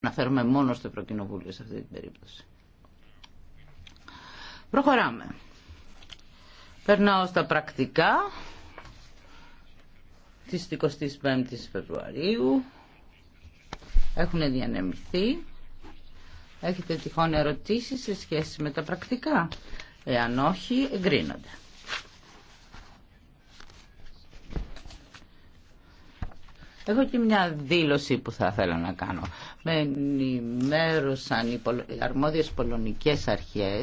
Να φέρουμε μόνο στο Ευρωκοινοβούλιο σε αυτή την περίπτωση. Προχωράμε. Περνάω στα πρακτικά της 25ης Φεβρουαρίου. Έχουν διανεμηθεί. Έχετε τυχόν ερωτήσεις σε σχέση με τα πρακτικά. Εάν όχι, εγκρίνονται. Έχω και μια δήλωση που θα ήθελα να κάνω. Με ενημέρωσαν οι αρμόδιες πολωνικές αρχές